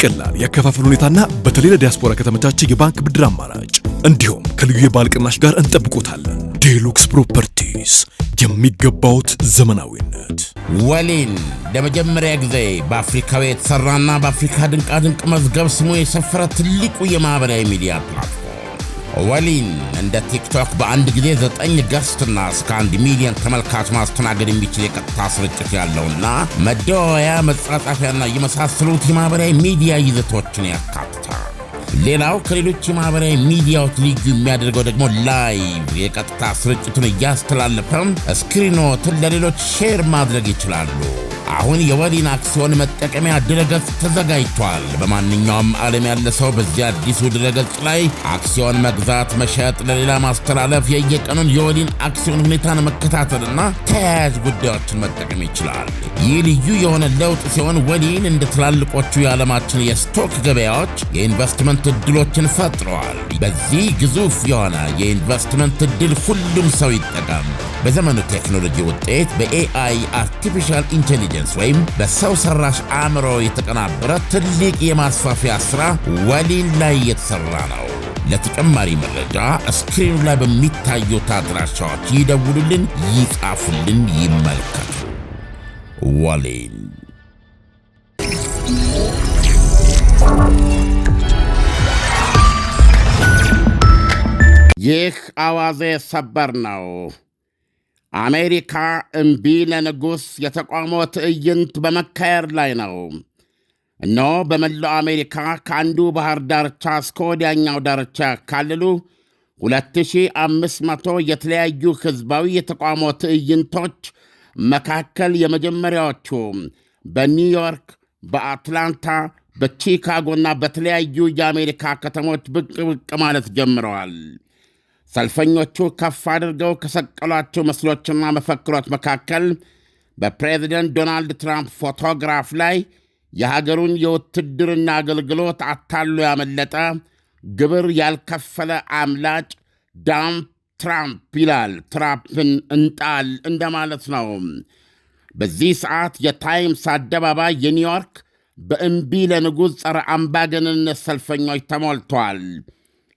በቀላል የአከፋፈል ሁኔታና በተለይ ለዲያስፖራ ከተመቻቸ የባንክ ብድር አማራጭ እንዲሁም ከልዩ የባል ቅናሽ ጋር እንጠብቆታለን። ዴሉክስ ፕሮፐርቲስ የሚገባውት ዘመናዊነት ወሊን ለመጀመሪያ ጊዜ በአፍሪካዊ የተሰራና በአፍሪካ ድንቃድንቅ መዝገብ ስሙ የሰፈረ ትልቁ የማህበራዊ ሚዲያ ፕላትፎርም ወሊን እንደ ቲክቶክ በአንድ ጊዜ ዘጠኝ ገስትና እስከ አንድ ሚሊዮን ተመልካች ማስተናገድ የሚችል የቀጥታ ስርጭት ያለውና መደዋወያ፣ መጻጻፊያና የመሳሰሉት የማህበራዊ ሚዲያ ይዘቶችን ያካትታል። ሌላው ከሌሎች የማህበራዊ ሚዲያዎች ልዩ የሚያደርገው ደግሞ ላይቭ የቀጥታ ስርጭቱን እያስተላለፈም ስክሪኖትን ለሌሎች ሼር ማድረግ ይችላሉ። አሁን የወሊን አክሲዮን መጠቀሚያ ድረገጽ ተዘጋጅቷል። በማንኛውም ዓለም ያለ ሰው በዚህ አዲሱ ድረገጽ ላይ አክሲዮን መግዛት፣ መሸጥ፣ ለሌላ ማስተላለፍ፣ የየቀኑን የወሊን አክሲዮን ሁኔታን መከታተልና ተያያዥ ጉዳዮችን መጠቀም ይችላል። ይህ ልዩ የሆነ ለውጥ ሲሆን ወሊን እንደ ትላልቆቹ የዓለማችን የስቶክ ገበያዎች የኢንቨስትመንት እድሎችን ፈጥረዋል። በዚህ ግዙፍ የሆነ የኢንቨስትመንት እድል ሁሉም ሰው ይጠቀም። በዘመኑ ቴክኖሎጂ ውጤት በኤአይ አርቲፊሻል ኢንቴሊጀንስ ኢንቴሊጀንስ ወይም በሰው ሰራሽ አእምሮ የተቀናበረ ትልቅ የማስፋፊያ ሥራ ወሊል ላይ የተሠራ ነው። ለተጨማሪ መረጃ ስክሪኑ ላይ በሚታዩት አድራሻዎች ይደውሉልን፣ ይጻፉልን፣ ይመልከቱ። ወሊል ይህ አዋዜ ሰበር ነው። አሜሪካ እምቢ ለንጉሥ የተቃውሞ ትዕይንት በመካሄድ ላይ ነው። እነሆ በመላው አሜሪካ ከአንዱ ባህር ዳርቻ እስከ ወዲያኛው ዳርቻ ያካልሉ 2500 የተለያዩ ሕዝባዊ የተቃውሞ ትዕይንቶች መካከል የመጀመሪያዎቹ በኒውዮርክ፣ በአትላንታ፣ በቺካጎና በተለያዩ የአሜሪካ ከተሞች ብቅ ብቅ ማለት ጀምረዋል። ሰልፈኞቹ ከፍ አድርገው ከሰቀሏቸው ምስሎችና መፈክሮች መካከል በፕሬዚደንት ዶናልድ ትራምፕ ፎቶግራፍ ላይ የሀገሩን የውትድርና አገልግሎት አታሎ ያመለጠ ግብር ያልከፈለ አምላጭ ዳምፕ ትራምፕ ይላል። ትራምፕን እንጣል እንደማለት ነው። በዚህ ሰዓት የታይምስ አደባባይ የኒውዮርክ በእምቢ ለንጉሥ ጸረ አምባገነንነት ሰልፈኞች ተሞልቷል።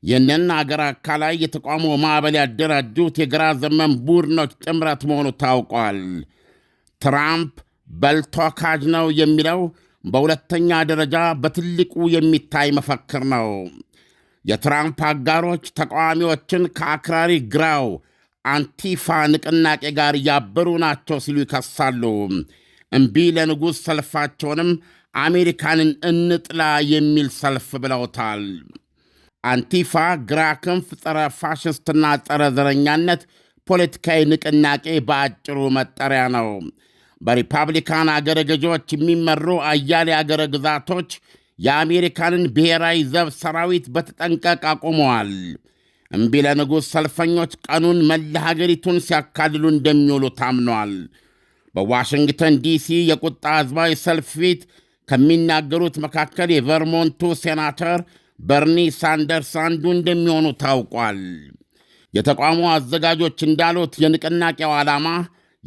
ይህንን አገር ላይ የተቃውሞ ማዕበል ያደራጁት የግራ ዘመን ቡድኖች ጥምረት መሆኑ ታውቋል። ትራምፕ በልቶ ካጅ ነው የሚለው በሁለተኛ ደረጃ በትልቁ የሚታይ መፈክር ነው። የትራምፕ አጋሮች ተቃዋሚዎችን ከአክራሪ ግራው አንቲፋ ንቅናቄ ጋር እያበሩ ናቸው ሲሉ ይከሳሉ። እምቢ ለንጉሥ ሰልፋቸውንም አሜሪካንን እንጥላ የሚል ሰልፍ ብለውታል። አንቲፋ ግራ ክንፍ ጸረ ፋሽስትና ጸረ ዘረኛነት ፖለቲካዊ ንቅናቄ በአጭሩ መጠሪያ ነው። በሪፐብሊካን አገረ ገዢዎች የሚመሩ አያሌ አገረ ግዛቶች የአሜሪካንን ብሔራዊ ዘብ ሰራዊት በተጠንቀቅ አቁመዋል። እምቢ ለንጉሥ ሰልፈኞች ቀኑን መላ ሀገሪቱን ሲያካልሉ እንደሚውሉ ታምኗል። በዋሽንግተን ዲሲ የቁጣ ሕዝባዊ ሰልፍ ፊት ከሚናገሩት መካከል የቨርሞንቱ ሴናተር በርኒ ሳንደርስ አንዱ እንደሚሆኑ ታውቋል። የተቋሙ አዘጋጆች እንዳሉት የንቅናቄው ዓላማ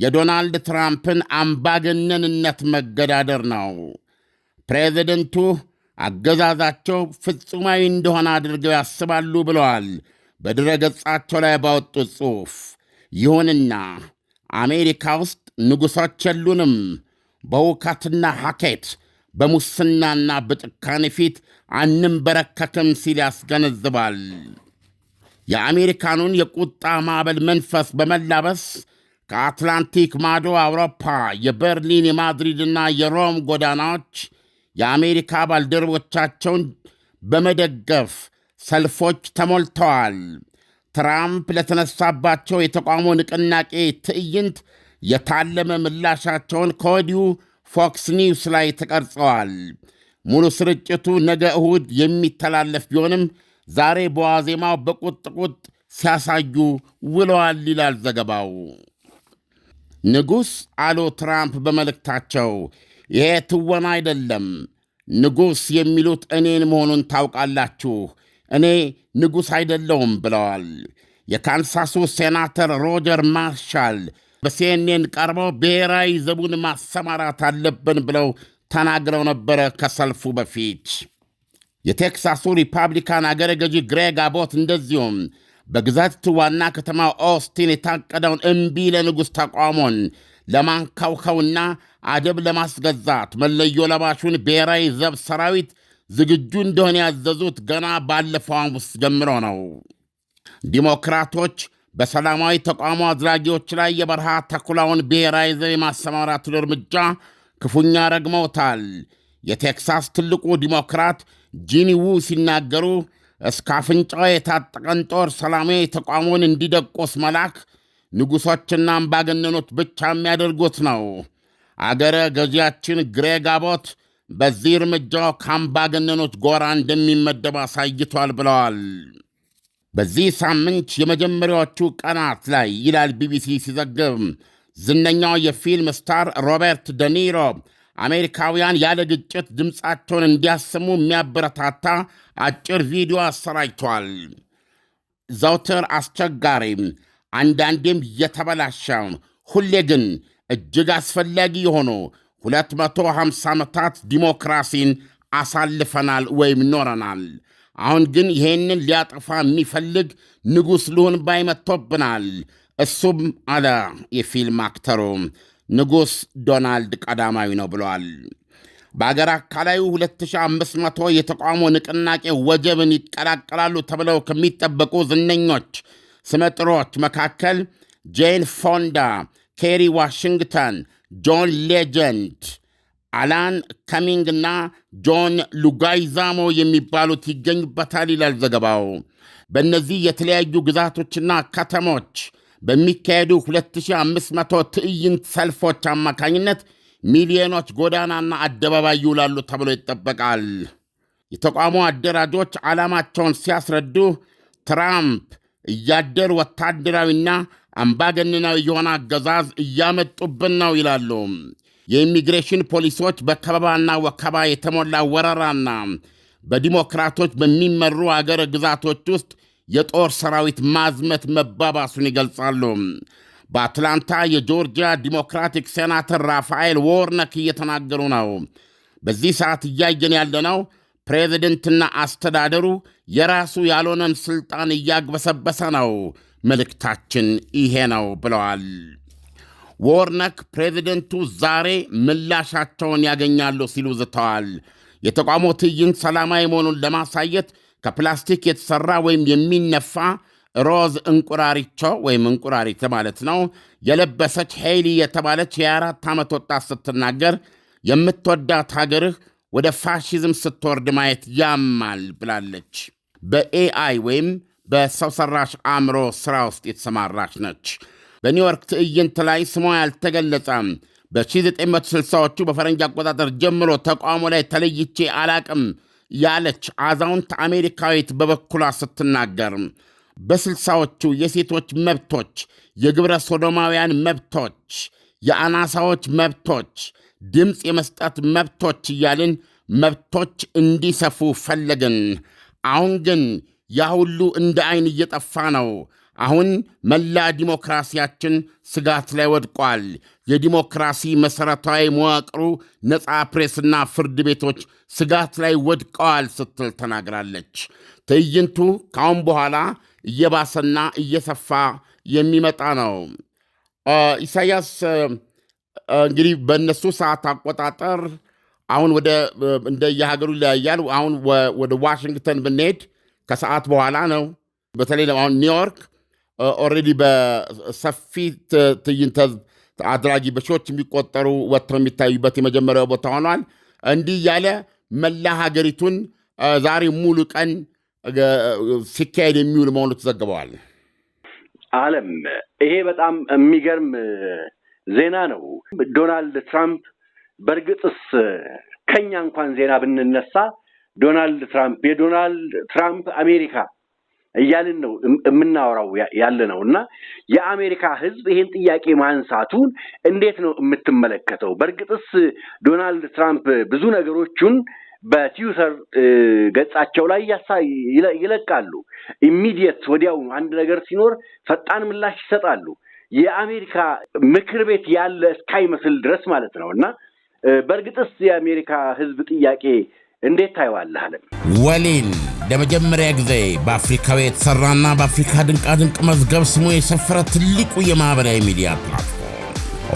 የዶናልድ ትራምፕን አምባገነንነት መገዳደር ነው። ፕሬዚደንቱ አገዛዛቸው ፍጹማዊ እንደሆነ አድርገው ያስባሉ ብለዋል በድረ ገጻቸው ላይ ባወጡት ጽሑፍ። ይሁንና አሜሪካ ውስጥ ንጉሶች የሉንም፣ በውካትና ሐኬት በሙስናና በጭካኔ ፊት አንንበረከክም ሲል ያስገነዝባል። የአሜሪካኑን የቁጣ ማዕበል መንፈስ በመላበስ ከአትላንቲክ ማዶ አውሮፓ፣ የበርሊን የማድሪድና የሮም ጎዳናዎች የአሜሪካ ባልደረቦቻቸውን በመደገፍ ሰልፎች ተሞልተዋል። ትራምፕ ለተነሳባቸው የተቃውሞ ንቅናቄ ትዕይንት የታለመ ምላሻቸውን ከወዲሁ ፎክስ ኒውስ ላይ ተቀርጸዋል። ሙሉ ስርጭቱ ነገ እሁድ የሚተላለፍ ቢሆንም ዛሬ በዋዜማው በቁጥቁጥ ሲያሳዩ ውለዋል ይላል ዘገባው። ንጉሥ አሉ ትራምፕ በመልእክታቸው፣ ይሄ ትወና አይደለም። ንጉሥ የሚሉት እኔን መሆኑን ታውቃላችሁ። እኔ ንጉሥ አይደለውም ብለዋል። የካንሳሱ ሴናተር ሮጀር ማርሻል በሲኤንኤን ቀርበው ብሔራዊ ዘቡን ማሰማራት አለብን ብለው ተናግረው ነበረ። ከሰልፉ በፊት የቴክሳሱ ሪፐብሊካን አገረ ገዢ ግሬግ አቦት እንደዚሁም በግዛቲቱ ዋና ከተማ ኦስቲን የታቀደውን እምቢ ለንጉሥ ተቋሞን ለማንከውከውና አደብ ለማስገዛት መለዮ ለባሹን ብሔራዊ ዘብ ሰራዊት ዝግጁ እንደሆነ ያዘዙት ገና ባለፈው ሐሙስ ጀምሮ ነው። ዲሞክራቶች በሰላማዊ ተቋሙ አድራጊዎች ላይ የበረሃ ተኩላውን ብሔራዊ ዘብ የማሰማራቱን እርምጃ ክፉኛ ረግመውታል። የቴክሳስ ትልቁ ዲሞክራት ጂኒ ዉ ሲናገሩ እስከ አፍንጫው የታጠቀን ጦር ሰላማዊ ተቋሙን እንዲደቆስ መላክ ንጉሶችና አምባገነኖች ብቻ የሚያደርጉት ነው። አገረ ገዢያችን ግሬግ አቦት በዚህ እርምጃው ከአምባገነኖች ጎራ እንደሚመደብ አሳይቷል ብለዋል። በዚህ ሳምንት የመጀመሪያዎቹ ቀናት ላይ ይላል ቢቢሲ ሲዘግብ ዝነኛው የፊልም ስታር ሮበርት ደኒሮ አሜሪካውያን ያለ ግጭት ድምፃቸውን እንዲያሰሙ የሚያበረታታ አጭር ቪዲዮ አሰራጭቷል። ዘውትር አስቸጋሪ፣ አንዳንዴም የተበላሸ፣ ሁሌ ግን እጅግ አስፈላጊ የሆኑ 250 ዓመታት ዲሞክራሲን አሳልፈናል ወይም ኖረናል አሁን ግን ይሄንን ሊያጠፋ የሚፈልግ ንጉሥ ልሁን ባይ መጥቶብናል። እሱም አለ የፊልም አክተሩ ንጉሥ ዶናልድ ቀዳማዊ ነው ብለዋል። በአገር አካላዩ 2500 የተቃውሞ ንቅናቄ ወጀብን ይቀላቀላሉ ተብለው ከሚጠበቁ ዝነኞች ስመጥሮች መካከል ጄን ፎንዳ፣ ኬሪ ዋሽንግተን፣ ጆን ሌጀንድ አላን ከሚንግ እና ጆን ሉጋይዛሞ የሚባሉት ይገኙበታል ይላል ዘገባው። በእነዚህ የተለያዩ ግዛቶችና ከተሞች በሚካሄዱ 2500 ትዕይንት ሰልፎች አማካኝነት ሚሊዮኖች ጎዳናና አደባባይ ይውላሉ ተብሎ ይጠበቃል። የተቋሙ አደራጆች ዓላማቸውን ሲያስረዱ ትራምፕ እያደር ወታደራዊና አምባገነናዊ የሆነ አገዛዝ እያመጡብን ነው ይላሉ። የኢሚግሬሽን ፖሊሶች በከበባና ወከባ የተሞላ ወረራና በዲሞክራቶች በሚመሩ አገረ ግዛቶች ውስጥ የጦር ሰራዊት ማዝመት መባባሱን ይገልጻሉ። በአትላንታ የጆርጂያ ዲሞክራቲክ ሴናተር ራፋኤል ዎርነክ እየተናገሩ ነው። በዚህ ሰዓት እያየን ያለነው ፕሬዚደንትና አስተዳደሩ የራሱ ያልሆነን ሥልጣን እያግበሰበሰ ነው። መልእክታችን ይሄ ነው ብለዋል። ወርነክ ፕሬዚደንቱ ዛሬ ምላሻቸውን ያገኛሉ ሲሉ ዝተዋል። የተቋሙ ትዕይንት ሰላማዊ መሆኑን ለማሳየት ከፕላስቲክ የተሠራ ወይም የሚነፋ ሮዝ እንቁራሪቾ ወይም እንቁራሪት ማለት ነው የለበሰች ሄይሊ የተባለች የአራት ዓመት ወጣት ስትናገር የምትወዳት ሀገርህ ወደ ፋሺዝም ስትወርድ ማየት ያማል ብላለች። በኤአይ ወይም በሰው ሰራሽ አእምሮ ሥራ ውስጥ የተሰማራች ነች። በኒውዮርክ ትዕይንት ላይ ስሟ ያልተገለጸም በ1960ዎቹ በፈረንጅ አቆጣጠር ጀምሮ ተቋሙ ላይ ተለይቼ አላቅም ያለች አዛውንት አሜሪካዊት በበኩሏ ስትናገር በስልሳዎቹ የሴቶች መብቶች፣ የግብረ ሶዶማውያን መብቶች፣ የአናሳዎች መብቶች፣ ድምፅ የመስጠት መብቶች እያልን መብቶች እንዲሰፉ ፈለግን። አሁን ግን ያ ሁሉ እንደ ዐይን እየጠፋ ነው። አሁን መላ ዲሞክራሲያችን ስጋት ላይ ወድቋል። የዲሞክራሲ መሠረታዊ መዋቅሩ ነፃ ፕሬስና ፍርድ ቤቶች ስጋት ላይ ወድቀዋል ስትል ተናግራለች። ትዕይንቱ ካሁን በኋላ እየባሰና እየሰፋ የሚመጣ ነው። ኢሳያስ እንግዲህ በእነሱ ሰዓት አቆጣጠር አሁን ወደ እንደ የሀገሩ ይለያያል። አሁን ወደ ዋሽንግተን ብንሄድ ከሰዓት በኋላ ነው። በተለይ አሁን ኒውዮርክ ኦልሬዲ በሰፊ ትዕይንተ አድራጊ በሺዎች የሚቆጠሩ ወጥተው የሚታዩበት የመጀመሪያው ቦታ ሆኗል። እንዲህ እያለ መላ ሀገሪቱን ዛሬ ሙሉ ቀን ሲካሄድ የሚውል መሆኑ ተዘግበዋል። አለም ይሄ በጣም የሚገርም ዜና ነው። ዶናልድ ትራምፕ በእርግጥስ ከኛ እንኳን ዜና ብንነሳ ዶናልድ ትራምፕ የዶናልድ ትራምፕ አሜሪካ እያልን ነው የምናወራው ያለ ነው እና የአሜሪካ ህዝብ ይሄን ጥያቄ ማንሳቱን እንዴት ነው የምትመለከተው? በእርግጥስ ዶናልድ ትራምፕ ብዙ ነገሮቹን በትዊተር ገጻቸው ላይ ይለቃሉ። ኢሚዲየት ወዲያው አንድ ነገር ሲኖር ፈጣን ምላሽ ይሰጣሉ። የአሜሪካ ምክር ቤት ያለ እስካይመስል ድረስ ማለት ነው እና በእርግጥስ የአሜሪካ ህዝብ ጥያቄ እንዴት ታይዋለህ? ወሊን ለመጀመሪያ ጊዜ በአፍሪካዊ የተሰራና በአፍሪካ ድንቃድንቅ መዝገብ ስሙ የሰፈረ ትልቁ የማኅበራዊ ሚዲያ ፕላትፎርም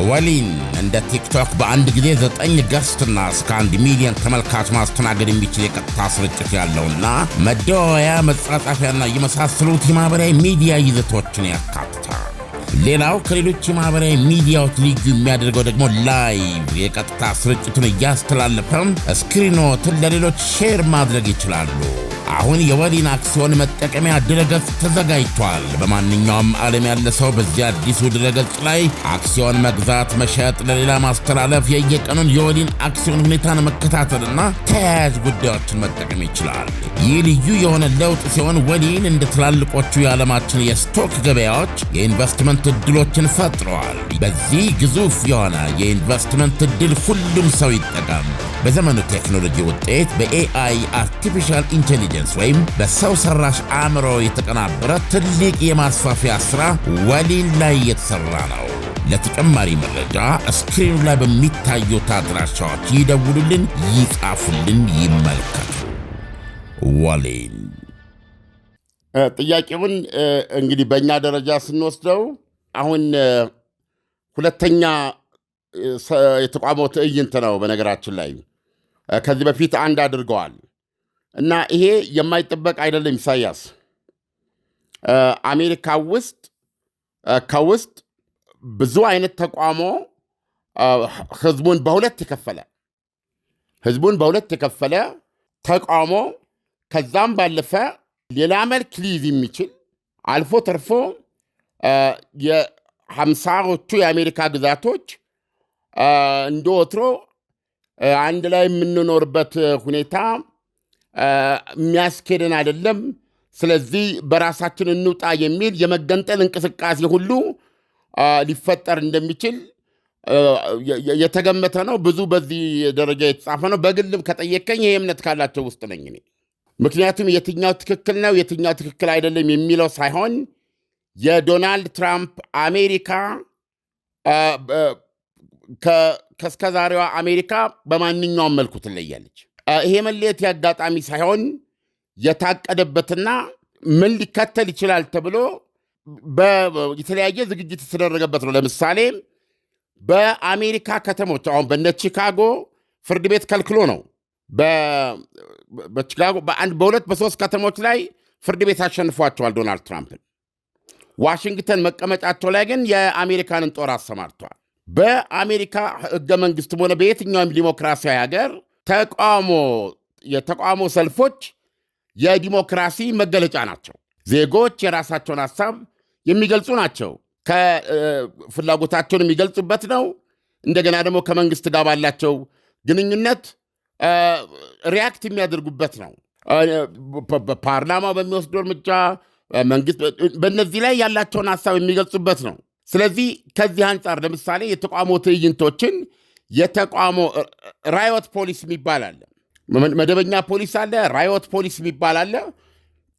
ወሊን እንደ ቲክቶክ በአንድ ጊዜ ዘጠኝ ገስትና እስከ አንድ ሚሊዮን ተመልካች ማስተናገድ የሚችል የቀጥታ ስርጭት ያለውና መደዋወያ፣ መጻጻፊያና የመሳሰሉት የማኅበራዊ ሚዲያ ይዘቶችን ያካትታል። ሌላው ከሌሎች የማህበራዊ ሚዲያዎች ልዩ የሚያደርገው ደግሞ ላይቭ የቀጥታ ስርጭቱን እያስተላለፈ ስክሪኖትን ለሌሎች ሼር ማድረግ ይችላሉ። አሁን የወሊን አክሲዮን መጠቀሚያ ድረገጽ ተዘጋጅቷል። በማንኛውም ዓለም ያለ ሰው በዚህ አዲሱ ድረገጽ ላይ አክሲዮን መግዛት፣ መሸጥ፣ ለሌላ ማስተላለፍ፣ የየቀኑን የወሊን አክሲዮን ሁኔታን መከታተልና ተያያዥ ጉዳዮችን መጠቀም ይችላል። ይህ ልዩ የሆነ ለውጥ ሲሆን ወሊን እንደ ትላልቆቹ የዓለማችን የስቶክ ገበያዎች የኢንቨስትመንት እድሎችን ፈጥረዋል። በዚህ ግዙፍ የሆነ የኢንቨስትመንት እድል ሁሉም ሰው ይጠቀም። በዘመኑ ቴክኖሎጂ ውጤት በኤአይ አርቲፊሻል ኢንቴሊጀንስ ኢንቴሊጀንስ ወይም በሰው ሰራሽ አእምሮ የተቀናበረ ትልቅ የማስፋፊያ ሥራ ወሊል ላይ የተሠራ ነው። ለተጨማሪ መረጃ ስክሪኑ ላይ በሚታዩት አድራሻዎች ይደውሉልን፣ ይጻፉልን፣ ይመልከቱ። ወሊል ጥያቄውን እንግዲህ በእኛ ደረጃ ስንወስደው አሁን ሁለተኛ የተቋመው ትዕይንት ነው። በነገራችን ላይ ከዚህ በፊት አንድ አድርገዋል። እና ይሄ የማይጠበቅ አይደለም። ኢሳያስ አሜሪካ ውስጥ ከውስጥ ብዙ አይነት ተቋሞ ህዝቡን በሁለት የከፈለ ህዝቡን በሁለት የከፈለ ተቃውሞ ከዛም ባለፈ ሌላ መልክ ሊይዝ የሚችል አልፎ ተርፎ የሀምሳዎቹ የአሜሪካ ግዛቶች እንደ ወትሮ አንድ ላይ የምንኖርበት ሁኔታ የሚያስኬድን አይደለም። ስለዚህ በራሳችን እንውጣ የሚል የመገንጠል እንቅስቃሴ ሁሉ ሊፈጠር እንደሚችል የተገመተ ነው። ብዙ በዚህ ደረጃ የተጻፈ ነው። በግልም ከጠየቀኝ ይህ እምነት ካላቸው ውስጥ ነኝ እኔ። ምክንያቱም የትኛው ትክክል ነው የትኛው ትክክል አይደለም የሚለው ሳይሆን የዶናልድ ትራምፕ አሜሪካ ከእስከ ዛሬዋ አሜሪካ በማንኛውም መልኩ ትለያለች። ይሄ መለየት የአጋጣሚ ሳይሆን የታቀደበትና ምን ሊከተል ይችላል ተብሎ የተለያየ ዝግጅት የተደረገበት ነው። ለምሳሌ በአሜሪካ ከተሞች አሁን በነ ቺካጎ ፍርድ ቤት ከልክሎ ነው። በቺካጎ በሁለት በሶስት ከተሞች ላይ ፍርድ ቤት አሸንፏቸዋል ዶናልድ ትራምፕን። ዋሽንግተን መቀመጫቸው ላይ ግን የአሜሪካንን ጦር አሰማርተዋል። በአሜሪካ ህገ መንግስትም ሆነ በየትኛውም ዲሞክራሲያዊ ሀገር ተቃውሞ የተቃውሞ ሰልፎች የዲሞክራሲ መገለጫ ናቸው። ዜጎች የራሳቸውን ሀሳብ የሚገልጹ ናቸው። ከፍላጎታቸውን የሚገልጹበት ነው። እንደገና ደግሞ ከመንግስት ጋር ባላቸው ግንኙነት ሪያክት የሚያደርጉበት ነው። በፓርላማ በሚወስደው እርምጃ መንግስት በእነዚህ ላይ ያላቸውን ሀሳብ የሚገልጹበት ነው። ስለዚህ ከዚህ አንጻር ለምሳሌ የተቃውሞ ትዕይንቶችን የተቋሞ ራዮት ፖሊስ የሚባል አለ። መደበኛ ፖሊስ አለ፣ ራዮት ፖሊስ የሚባል አለ።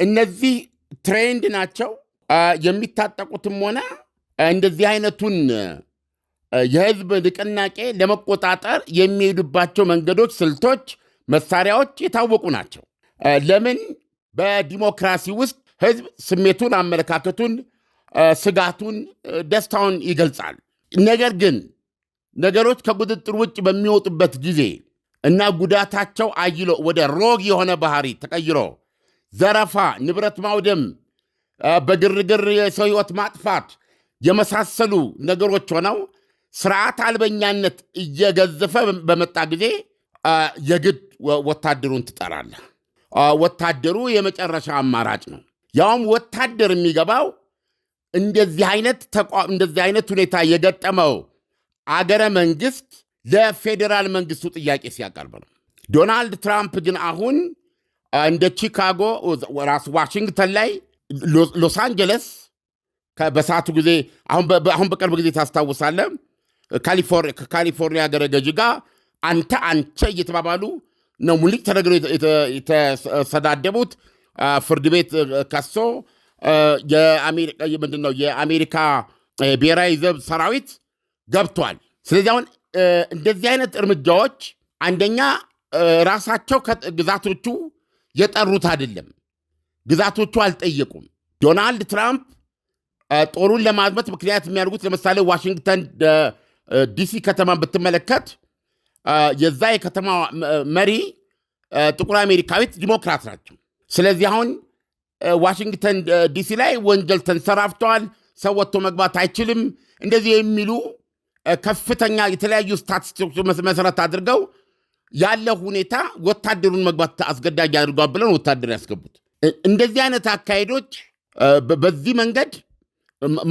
እነዚህ ትሬንድ ናቸው። የሚታጠቁትም ሆነ እንደዚህ አይነቱን የህዝብ ንቅናቄ ለመቆጣጠር የሚሄዱባቸው መንገዶች፣ ስልቶች፣ መሳሪያዎች የታወቁ ናቸው። ለምን በዲሞክራሲ ውስጥ ህዝብ ስሜቱን፣ አመለካከቱን፣ ስጋቱን፣ ደስታውን ይገልጻል። ነገር ግን ነገሮች ከቁጥጥር ውጭ በሚወጡበት ጊዜ እና ጉዳታቸው አይሎ ወደ ሮግ የሆነ ባህሪ ተቀይሮ ዘረፋ፣ ንብረት ማውደም፣ በግርግር የሰው ሕይወት ማጥፋት የመሳሰሉ ነገሮች ሆነው ስርዓት አልበኛነት እየገዘፈ በመጣ ጊዜ የግድ ወታደሩን ትጠራለህ። ወታደሩ የመጨረሻ አማራጭ ነው። ያውም ወታደር የሚገባው እንደዚህ አይነት ሁኔታ የገጠመው አገረ መንግስት ለፌዴራል መንግስቱ ጥያቄ ሲያቀርብ ነው። ዶናልድ ትራምፕ ግን አሁን እንደ ቺካጎ ራሱ ዋሽንግተን ላይ ሎስ አንጀለስ በሰዓቱ ጊዜ አሁን በቅርብ ጊዜ ታስታውሳለ ከካሊፎርኒያ አገረ ገዢ ጋር አንተ አንቸ እየተባባሉ ነው ሙሊቅ ተደግሮ የተሰዳደቡት። ፍርድ ቤት ከሶ ምንድን ነው የአሜሪካ ብሔራዊ ዘብ ሰራዊት ገብቷል። ስለዚህ አሁን እንደዚህ አይነት እርምጃዎች አንደኛ ራሳቸው ግዛቶቹ የጠሩት አይደለም፣ ግዛቶቹ አልጠየቁም። ዶናልድ ትራምፕ ጦሩን ለማዝመት ምክንያት የሚያደርጉት ለምሳሌ ዋሽንግተን ዲሲ ከተማ ብትመለከት የዛ የከተማ መሪ ጥቁር አሜሪካዊት ዲሞክራት ናቸው። ስለዚህ አሁን ዋሽንግተን ዲሲ ላይ ወንጀል ተንሰራፍተዋል፣ ሰው ወጥቶ መግባት አይችልም፣ እንደዚህ የሚሉ ከፍተኛ የተለያዩ ስታቲስቲክስ መሰረት አድርገው ያለ ሁኔታ ወታደሩን መግባት አስገዳጅ አድርገዋል ብለን ወታደር ያስገቡት። እንደዚህ አይነት አካሄዶች በዚህ መንገድ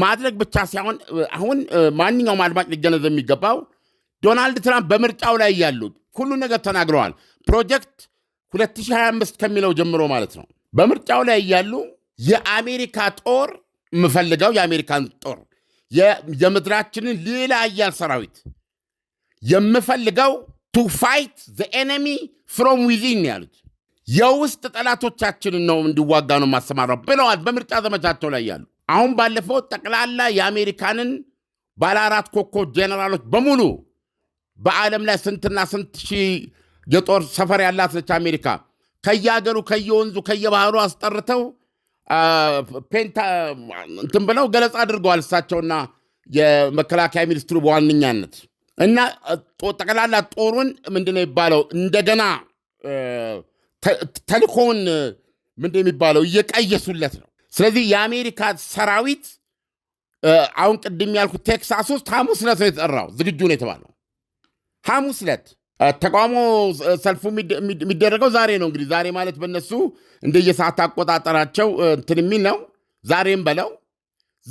ማድረግ ብቻ ሳይሆን አሁን ማንኛውም አድማጭ ሊገነዘብ የሚገባው ዶናልድ ትራምፕ በምርጫው ላይ ያሉ ሁሉ ነገር ተናግረዋል። ፕሮጀክት 2025 ከሚለው ጀምሮ ማለት ነው። በምርጫው ላይ ያሉ የአሜሪካ ጦር የምፈልገው የአሜሪካን ጦር የምድራችንን ሌላ አያል ሰራዊት የምፈልገው ቱ ፋይት ዘ ኤነሚ ፍሮም ዊዚን ያሉት የውስጥ ጠላቶቻችንን ነው እንዲዋጋ ነው ማሰማራው ብለዋል። በምርጫ ዘመቻቸው ላይ ያሉ አሁን ባለፈው ጠቅላላ የአሜሪካንን ባለ አራት ኮከብ ጄኔራሎች በሙሉ በዓለም ላይ ስንትና ስንት ሺህ የጦር ሰፈር ያላት ነች አሜሪካ ከየአገሩ ከየወንዙ ከየባህሩ አስጠርተው ፔንታ እንትን ብለው ገለጻ አድርገዋል እሳቸውና የመከላከያ ሚኒስትሩ በዋነኛነት እና ጠቅላላ ጦሩን ምንድነው የሚባለው እንደገና ተልኮውን ምንድነው የሚባለው እየቀየሱለት ነው። ስለዚህ የአሜሪካ ሰራዊት አሁን ቅድም ያልኩት ቴክሳስ ውስጥ ሐሙስ ዕለት ነው የተጠራው፣ ዝግጁ ነው የተባለው ሐሙስ ዕለት ተቃውሞ ሰልፉ የሚደረገው ዛሬ ነው። እንግዲህ ዛሬ ማለት በነሱ የሰዓት አቆጣጠራቸው እንትን የሚል ነው። ዛሬም በለው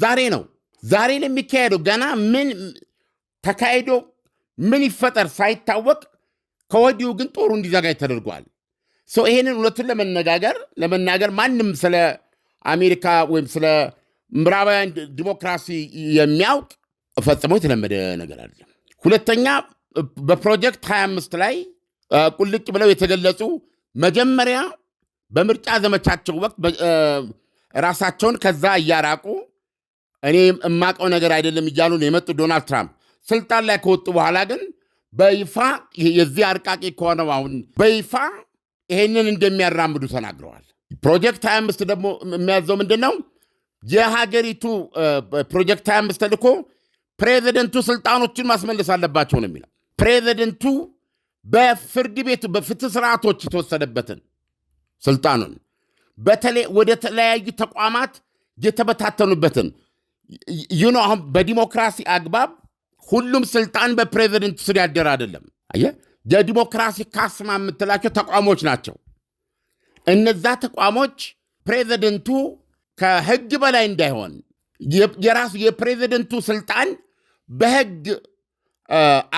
ዛሬ ነው። ዛሬ ነው የሚካሄደው። ገና ምን ተካሂዶ ምን ይፈጠር ሳይታወቅ ከወዲሁ ግን ጦሩ እንዲዘጋጅ ተደርጓል። ይሄንን እውነቱን ለመነጋገር ለመናገር ማንም ስለ አሜሪካ ወይም ስለ ምዕራባውያን ዲሞክራሲ የሚያውቅ ፈጽሞ የተለመደ ነገር አይደለም። ሁለተኛ በፕሮጀክት 25 ላይ ቁልጭ ብለው የተገለጹ መጀመሪያ በምርጫ ዘመቻቸው ወቅት ራሳቸውን ከዛ እያራቁ እኔ የማቀው ነገር አይደለም እያሉ ነው የመጡ ዶናልድ ትራምፕ ስልጣን ላይ ከወጡ በኋላ ግን በይፋ የዚህ አርቃቂ ከሆነው አሁን በይፋ ይሄንን እንደሚያራምዱ ተናግረዋል። ፕሮጀክት 25 ደግሞ የሚያዘው ምንድን ነው? የሀገሪቱ ፕሮጀክት 25 ልኮ ፕሬዚደንቱ ስልጣኖችን ማስመለስ አለባቸው ነው የሚለው። ፕሬዚደንቱ በፍርድ ቤቱ በፍትህ ስርዓቶች የተወሰደበትን ስልጣኑን በተለይ ወደ ተለያዩ ተቋማት የተበታተኑበትን ዩኖ አሁን በዲሞክራሲ አግባብ ሁሉም ስልጣን በፕሬዚደንቱ ስር ያደር አይደለም። አየ የዲሞክራሲ ካስማ የምትላቸው ተቋሞች ናቸው። እነዛ ተቋሞች ፕሬዚደንቱ ከህግ በላይ እንዳይሆን የራሱ የፕሬዚደንቱ ስልጣን በህግ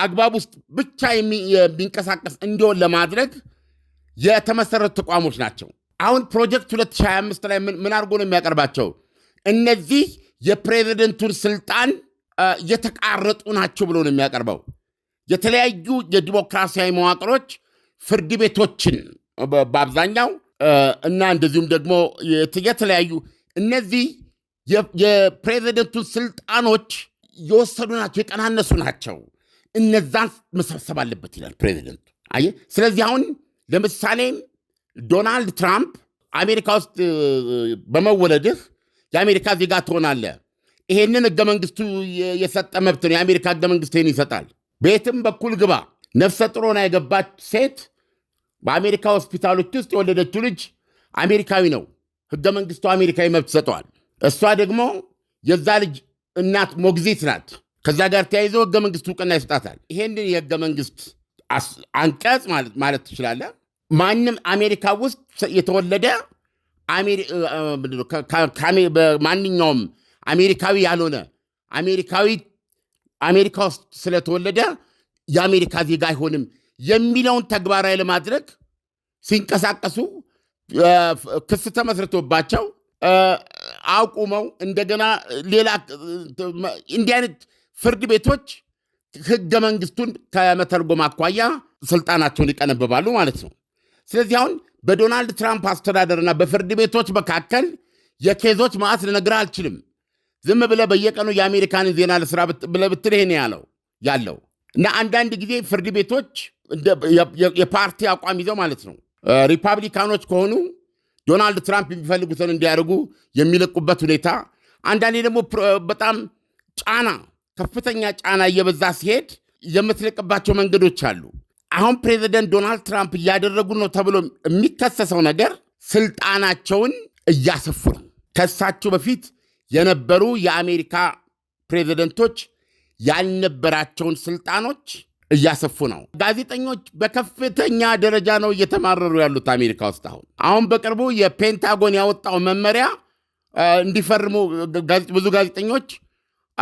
አግባብ ውስጥ ብቻ የሚንቀሳቀስ እንዲሆን ለማድረግ የተመሰረቱ ተቋሞች ናቸው። አሁን ፕሮጀክት 2025 ላይ ምን አድርጎ ነው የሚያቀርባቸው? እነዚህ የፕሬዚደንቱን ስልጣን የተቃረጡ ናቸው ብሎ ነው የሚያቀርበው። የተለያዩ የዲሞክራሲያዊ መዋቅሮች ፍርድ ቤቶችን በአብዛኛው እና እንደዚሁም ደግሞ የተለያዩ እነዚህ የፕሬዚደንቱን ስልጣኖች የወሰዱ ናቸው፣ የቀናነሱ ናቸው። እነዛን መሰብሰብ አለበት ይላል ፕሬዚደንቱ። አየህ፣ ስለዚህ አሁን ለምሳሌ ዶናልድ ትራምፕ አሜሪካ ውስጥ በመወለድህ የአሜሪካ ዜጋ ትሆናለህ። ይሄንን ህገ መንግስቱ የሰጠ መብት ነው። የአሜሪካ ህገ መንግስት ይህን ይሰጣል። በየትም በኩል ግባ፣ ነፍሰ ጥሮና የገባች ሴት በአሜሪካ ሆስፒታሎች ውስጥ የወለደችው ልጅ አሜሪካዊ ነው። ህገ መንግስቱ አሜሪካዊ መብት ይሰጠዋል። እሷ ደግሞ የዛ ልጅ እናት ሞግዚት ናት። ከዛ ጋር ተያይዞ ህገ መንግስት እውቅና ይሰጣታል። ይሄንን የህገ መንግስት አንቀጽ ማለት ትችላለህ። ማንም አሜሪካ ውስጥ የተወለደ ማንኛውም አሜሪካዊ ያልሆነ አሜሪካዊ አሜሪካ ውስጥ ስለተወለደ የአሜሪካ ዜጋ አይሆንም የሚለውን ተግባራዊ ለማድረግ ሲንቀሳቀሱ ክስ ተመስርቶባቸው አቁመው እንደገና ሌላ እንዲህ አይነት ፍርድ ቤቶች ህገ መንግስቱን ከመተርጎም አኳያ ስልጣናቸውን ይቀነብባሉ ማለት ነው። ስለዚህ አሁን በዶናልድ ትራምፕ አስተዳደርና በፍርድ ቤቶች መካከል የኬዞች ማዕት ልነግርህ አልችልም። ዝም ብለህ በየቀኑ የአሜሪካንን ዜና ለስራ ብለህ ብትል ይሄን ያለው ያለው እና አንዳንድ ጊዜ ፍርድ ቤቶች የፓርቲ አቋም ይዘው ማለት ነው ሪፓብሊካኖች ከሆኑ ዶናልድ ትራምፕ የሚፈልጉትን እንዲያደርጉ የሚለቁበት ሁኔታ፣ አንዳንዴ ደግሞ በጣም ጫና ከፍተኛ ጫና እየበዛ ሲሄድ የምትልቅባቸው መንገዶች አሉ። አሁን ፕሬዚደንት ዶናልድ ትራምፕ እያደረጉ ነው ተብሎ የሚከሰሰው ነገር ስልጣናቸውን እያሰፉ ነው። ከእሳቸው በፊት የነበሩ የአሜሪካ ፕሬዚደንቶች ያልነበራቸውን ስልጣኖች እያሰፉ ነው። ጋዜጠኞች በከፍተኛ ደረጃ ነው እየተማረሩ ያሉት አሜሪካ ውስጥ። አሁን አሁን በቅርቡ የፔንታጎን ያወጣው መመሪያ እንዲፈርሙ ብዙ ጋዜጠኞች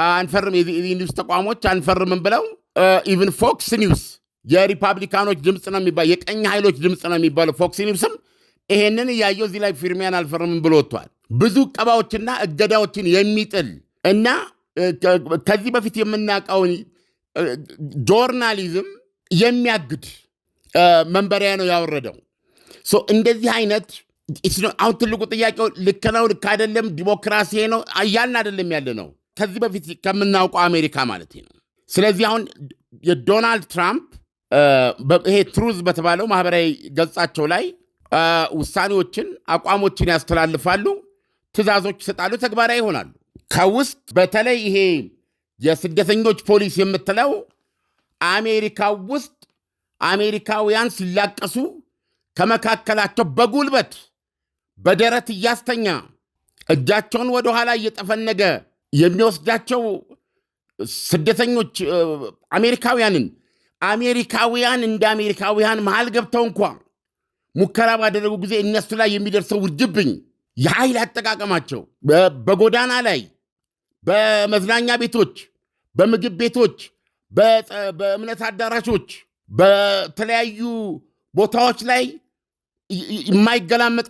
አንፈርም የኒውስ ተቋሞች አንፈርምም ብለው ኢቭን ፎክስ ኒውስ የሪፓብሊካኖች ድምፅ ነው የሚባለው፣ የቀኝ ኃይሎች ድምፅ ነው የሚባለው ፎክስ ኒውስም ይሄንን እያየው እዚህ ላይ ፊርሚያን አልፈርምም ብሎ ወጥቷል። ብዙ ቀባዎችና እገዳዎችን የሚጥል እና ከዚህ በፊት የምናውቀውን ጆርናሊዝም የሚያግድ መንበሪያ ነው ያወረደው። እንደዚህ አይነት አሁን ትልቁ ጥያቄው ልክ ነው ልክ አይደለም፣ ዲሞክራሲ ነው እያልን አይደለም ያለ ነው ከዚህ በፊት ከምናውቀው አሜሪካ ማለት ነው። ስለዚህ አሁን የዶናልድ ትራምፕ ይሄ ትሩዝ በተባለው ማህበራዊ ገጻቸው ላይ ውሳኔዎችን፣ አቋሞችን ያስተላልፋሉ፣ ትዕዛዞች ይሰጣሉ፣ ተግባራዊ ይሆናሉ። ከውስጥ በተለይ ይሄ የስደተኞች ፖሊስ የምትለው አሜሪካ ውስጥ አሜሪካውያን ሲላቀሱ ከመካከላቸው በጉልበት በደረት እያስተኛ እጃቸውን ወደኋላ እየጠፈነገ የሚወስዳቸው ስደተኞች አሜሪካውያንን አሜሪካውያን እንደ አሜሪካውያን መሀል ገብተው እንኳ ሙከራ ባደረጉ ጊዜ እነሱ ላይ የሚደርሰው ውርጅብኝ የኃይል አጠቃቀማቸው በጎዳና ላይ፣ በመዝናኛ ቤቶች፣ በምግብ ቤቶች፣ በእምነት አዳራሾች፣ በተለያዩ ቦታዎች ላይ የማይገላመጥ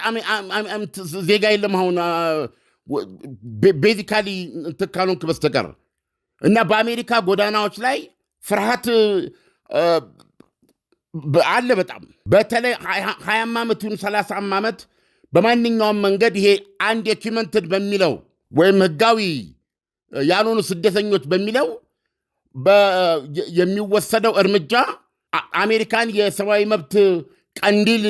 ዜጋ የለም አሁን ቤዚካሊ እንትን በስተቀር እና በአሜሪካ ጎዳናዎች ላይ ፍርሃት አለ በጣም በተለይ ሀያም ዓመት ይሁን ሰላሳም ዓመት በማንኛውም መንገድ ይሄ አንድ የኪመንትድ በሚለው ወይም ህጋዊ ያልሆኑ ስደተኞች በሚለው የሚወሰደው እርምጃ አሜሪካን የሰብአዊ መብት ቀንዲል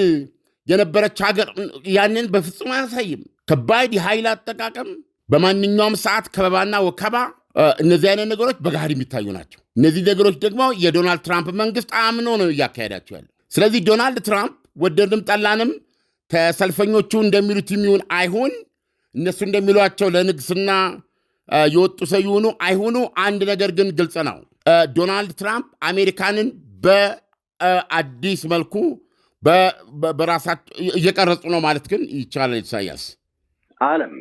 የነበረች ሀገር ያንን በፍጹም አያሳይም። ከባድ የኃይል አጠቃቀም፣ በማንኛውም ሰዓት ከበባና ወከባ፣ እነዚህ አይነት ነገሮች በገሃድ የሚታዩ ናቸው። እነዚህ ነገሮች ደግሞ የዶናልድ ትራምፕ መንግስት አምኖ ነው እያካሄዳቸው ያለ ስለዚህ ዶናልድ ትራምፕ ወደድንም ጠላንም ከሰልፈኞቹ እንደሚሉት የሚሆን አይሁን እነሱ እንደሚሏቸው ለንግስና የወጡ ሰው ይሁኑ አይሁኑ፣ አንድ ነገር ግን ግልጽ ነው። ዶናልድ ትራምፕ አሜሪካንን በአዲስ መልኩ በራሳቸው እየቀረጹ ነው ማለት ግን ይቻላል ኢሳያስ። አለም።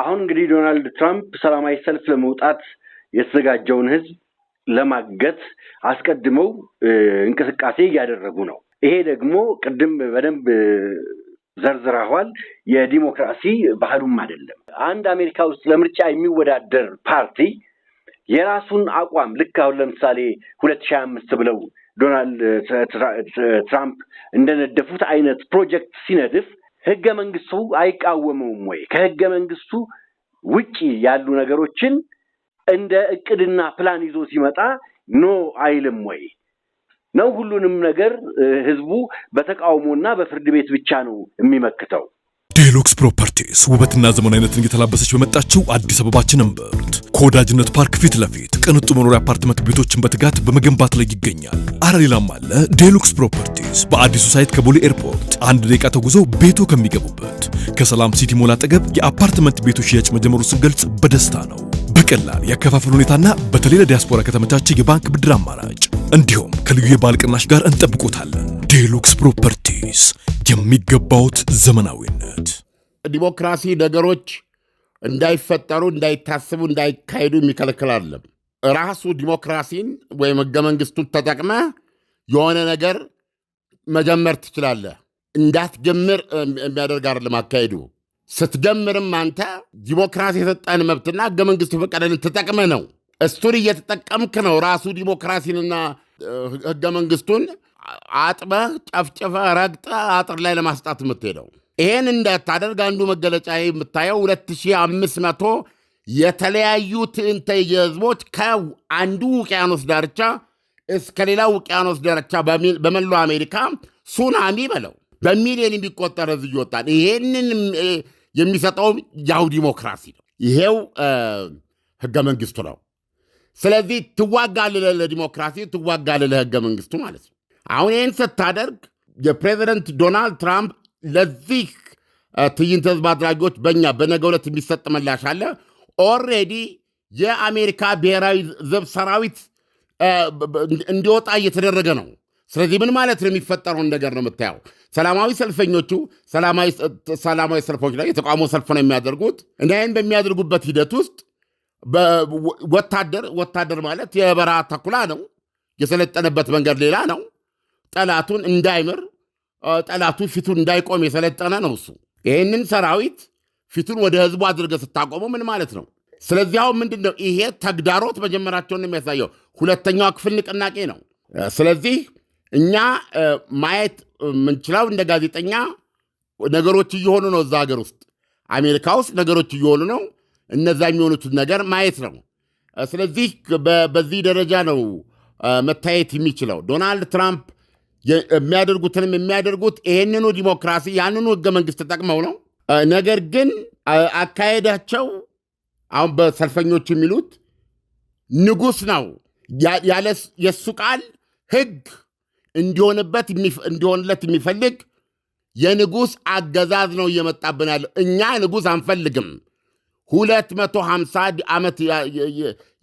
አሁን እንግዲህ ዶናልድ ትራምፕ ሰላማዊ ሰልፍ ለመውጣት የተዘጋጀውን ህዝብ ለማገት አስቀድመው እንቅስቃሴ እያደረጉ ነው። ይሄ ደግሞ ቅድም በደንብ ዘርዝረዋል። የዲሞክራሲ ባህሉም አይደለም። አንድ አሜሪካ ውስጥ ለምርጫ የሚወዳደር ፓርቲ የራሱን አቋም ልክ አሁን ለምሳሌ ሁለት ሺህ አምስት ብለው ዶናልድ ትራምፕ እንደነደፉት አይነት ፕሮጀክት ሲነድፍ ህገ መንግስቱ አይቃወመውም ወይ? ከህገ መንግስቱ ውጪ ያሉ ነገሮችን እንደ እቅድና ፕላን ይዞ ሲመጣ ኖ አይልም ወይ? ነው ሁሉንም ነገር ህዝቡ በተቃውሞና በፍርድ ቤት ብቻ ነው የሚመክተው? ዴሉክስ አዲስ ውበትና አይነትን እየተላበሰች በመጣችው አዲስ አበባችን እምብርት ከወዳጅነት ፓርክ ፊት ለፊት ቅንጡ መኖሪያ አፓርትመንት ቤቶችን በትጋት በመገንባት ላይ ይገኛል። አረ ሌላም አለ። ዴሉክስ ፕሮፐርቲስ በአዲሱ ሳይት ከቦሌ ኤርፖርት አንድ ደቂቃ ተጉዞ ቤቶ ከሚገቡበት ከሰላም ሲቲ ሞል አጠገብ የአፓርትመንት ቤቶች ሽያጭ መጀመሩ ስንገልጽ በደስታ ነው። በቀላል ያከፋፈል ሁኔታና በተለይ ለዲያስፖራ ከተመቻቸ የባንክ ብድር አማራጭ እንዲሁም ከልዩ የባለ ቅናሽ ጋር እንጠብቆታለን። ዴሉክስ ፕሮፐርቲስ የሚገባውት ዘመናዊነት ዲሞክራሲ ነገሮች እንዳይፈጠሩ፣ እንዳይታስቡ፣ እንዳይካሄዱ የሚከለክል አለም። ራሱ ዲሞክራሲን ወይም ህገ መንግስቱን ተጠቅመ የሆነ ነገር መጀመር ትችላለህ። እንዳትጀምር የሚያደርግ አይደለም አካሄዱ። ስትጀምርም አንተ ዲሞክራሲ የሰጠን መብትና ህገ መንግስቱ የፈቀደልን ተጠቅመ ነው። እሱን እየተጠቀምክ ነው ራሱ ዲሞክራሲንና ህገ መንግስቱን አጥበህ ጨፍጭፈህ ረግጠህ አጥር ላይ ለማስጣት የምትሄደው። ይህን እንዳታደርግ አንዱ መገለጫ የምታየው 2500 የተለያዩ ትዕንተ ህዝቦች ከአንዱ ውቅያኖስ ዳርቻ እስከ ሌላ ውቅያኖስ ዳርቻ በመላው አሜሪካ ሱናሚ በለው በሚሊዮን የሚቆጠር ህዝብ ይወጣል። ይሄንን የሚሰጠውም ያው ዲሞክራሲ ነው። ይሄው ህገ መንግስቱ ነው። ስለዚህ ትዋጋለህ ለዲሞክራሲ፣ ትዋጋለህ ለህገ መንግስቱ ማለት ነው። አሁን ይህን ስታደርግ የፕሬዚደንት ዶናልድ ትራምፕ ለዚህ ትዕይንተ ህዝብ አድራጊዎች በእኛ በነገ ዕለት የሚሰጥ ምላሽ አለ። ኦልሬዲ የአሜሪካ ብሔራዊ ዘብ ሰራዊት እንዲወጣ እየተደረገ ነው። ስለዚህ ምን ማለት ነው? የሚፈጠረውን ነገር ነው የምታየው። ሰላማዊ ሰልፈኞቹ ሰላማዊ ሰልፎች ላይ የተቃውሞ ሰልፍ ነው የሚያደርጉት እና ይህን በሚያደርጉበት ሂደት ውስጥ ወታደር ወታደር ማለት የበረሃ ተኩላ ነው። የሰለጠነበት መንገድ ሌላ ነው። ጠላቱን እንዳይምር ጠላቱ ፊቱን እንዳይቆም የሰለጠነ ነው እሱ። ይህንን ሰራዊት ፊቱን ወደ ህዝቡ አድርገ ስታቆመው ምን ማለት ነው? ስለዚህ አሁን ምንድን ነው ይሄ ተግዳሮት መጀመራቸውን የሚያሳየው ሁለተኛው ክፍል ንቅናቄ ነው። ስለዚህ እኛ ማየት የምንችለው እንደ ጋዜጠኛ ነገሮች እየሆኑ ነው። እዛ ሀገር ውስጥ አሜሪካ ውስጥ ነገሮች እየሆኑ ነው። እነዛ የሚሆኑትን ነገር ማየት ነው። ስለዚህ በዚህ ደረጃ ነው መታየት የሚችለው ዶናልድ ትራምፕ የሚያደርጉትንም የሚያደርጉት ይህንኑ ዲሞክራሲ ያንኑ ህገ መንግስት ተጠቅመው ነው። ነገር ግን አካሄዳቸው አሁን በሰልፈኞች የሚሉት ንጉሥ ነው ያለ የእሱ ቃል ህግ እንዲሆንበት እንዲሆንለት የሚፈልግ የንጉሥ አገዛዝ ነው እየመጣብን ያለው። እኛ ንጉሥ አንፈልግም። 250 ዓመት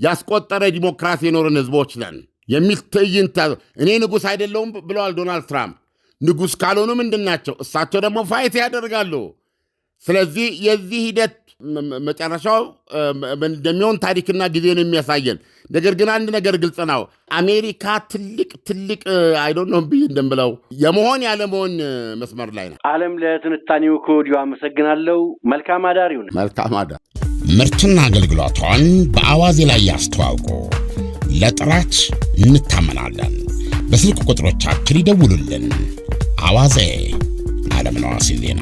ያስቆጠረ ዲሞክራሲ የኖርን ህዝቦች ነን። የሚል ትዕይንት እኔ ንጉሥ አይደለውም ብለዋል ዶናልድ ትራምፕ። ንጉሥ ካልሆኑ ምንድን ናቸው? እሳቸው ደግሞ ፋይት ያደርጋሉ። ስለዚህ የዚህ ሂደት መጨረሻው እንደሚሆን ታሪክና ጊዜ ነው የሚያሳየን። ነገር ግን አንድ ነገር ግልጽ ነው። አሜሪካ ትልቅ ትልቅ አይዶን ብይ ብዬ እንደምለው የመሆን ያለመሆን መስመር ላይ ነው። ዓለም ለትንታኔው ከወዲሁ አመሰግናለሁ። መልካም አዳር ይሁን። መልካም አዳር። ምርትና አገልግሎቷን በአዋዜ ላይ ያስተዋውቁ ለጥራች እንታመናለን። በስልክ ቁጥሮቻችን ይደውሉልን። አዋዜ ዓለምነህ ዋሴ ዜና